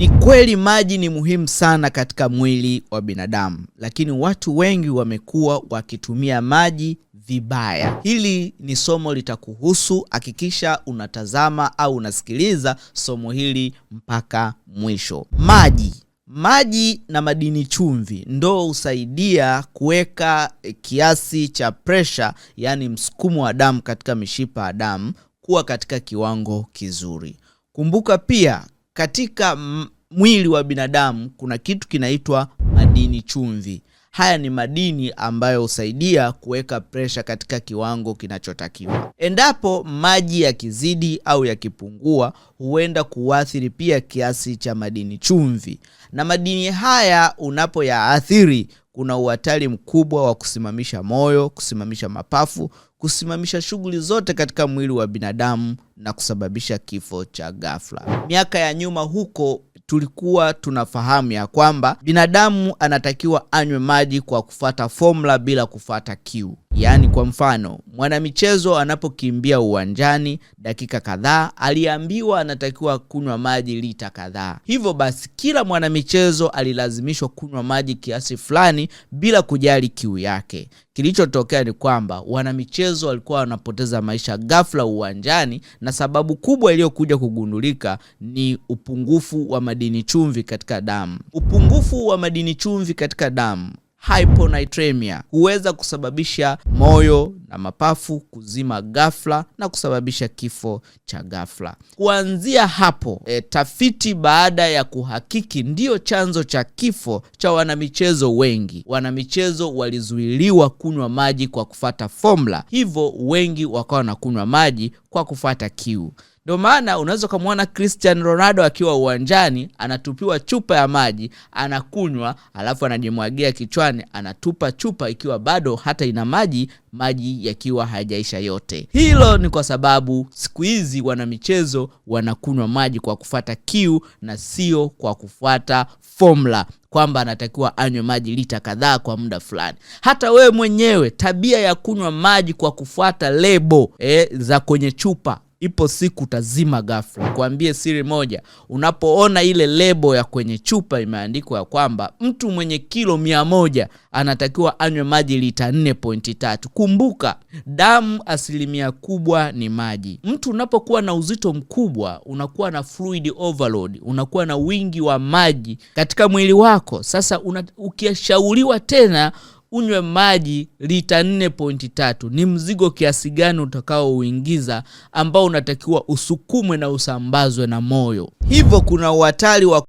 Ni kweli maji ni muhimu sana katika mwili wa binadamu, lakini watu wengi wamekuwa wakitumia maji vibaya. Hili ni somo litakuhusu. Hakikisha unatazama au unasikiliza somo hili mpaka mwisho. Maji maji na madini chumvi ndo husaidia kuweka kiasi cha presha, yaani msukumo wa damu katika mishipa ya damu kuwa katika kiwango kizuri. Kumbuka pia katika mwili wa binadamu kuna kitu kinaitwa madini chumvi. Haya ni madini ambayo husaidia kuweka presha katika kiwango kinachotakiwa. Endapo maji yakizidi au yakipungua, huenda kuathiri pia kiasi cha madini chumvi, na madini haya unapoyaathiri una uhatari mkubwa wa kusimamisha moyo, kusimamisha mapafu, kusimamisha shughuli zote katika mwili wa binadamu na kusababisha kifo cha ghafla. Miaka ya nyuma huko tulikuwa tunafahamu ya kwamba binadamu anatakiwa anywe maji kwa kufata formula bila kufata kiu. Yaani kwa mfano, mwanamichezo anapokimbia uwanjani dakika kadhaa, aliambiwa anatakiwa kunywa maji lita kadhaa. Hivyo basi, kila mwanamichezo alilazimishwa kunywa maji kiasi fulani bila kujali kiu yake. Kilichotokea ni kwamba wanamichezo walikuwa wanapoteza maisha ghafla uwanjani, na sababu kubwa iliyokuja kugundulika ni upungufu wa madini chumvi katika damu. Upungufu wa madini chumvi katika damu hyponitremia huweza kusababisha moyo na mapafu kuzima ghafla na kusababisha kifo cha ghafla. Kuanzia hapo e, tafiti baada ya kuhakiki ndiyo chanzo cha kifo cha wanamichezo wengi. Wanamichezo walizuiliwa kunywa maji kwa kufata formula, hivyo wengi wakawa na kunywa maji kwa kufata kiu. Ndio maana unaweza ukamwona cristian Ronaldo akiwa uwanjani anatupiwa chupa ya maji anakunywa, alafu anajimwagia kichwani, anatupa chupa ikiwa bado hata ina maji, maji yakiwa hayajaisha yote. Hilo ni kwa sababu siku hizi wanamichezo wanakunywa maji kwa kufuata kiu na sio kwa kufuata formula kwamba anatakiwa anywe maji lita kadhaa kwa muda fulani. Hata wewe mwenyewe tabia ya kunywa maji kwa kufuata lebo eh, za kwenye chupa ipo siku utazima ghafla. Kuambie siri moja, unapoona ile lebo ya kwenye chupa imeandikwa ya kwamba mtu mwenye kilo mia moja anatakiwa anywe maji lita 4.3. Kumbuka damu asilimia kubwa ni maji. Mtu unapokuwa na uzito mkubwa unakuwa na fluid overload, unakuwa na wingi wa maji katika mwili wako. Sasa una, ukishauriwa tena unywe maji lita 43 ni mzigo kiasi gani utakaouingiza ambao unatakiwa usukumwe na usambazwe na moyo. Hivyo kuna uhatari wa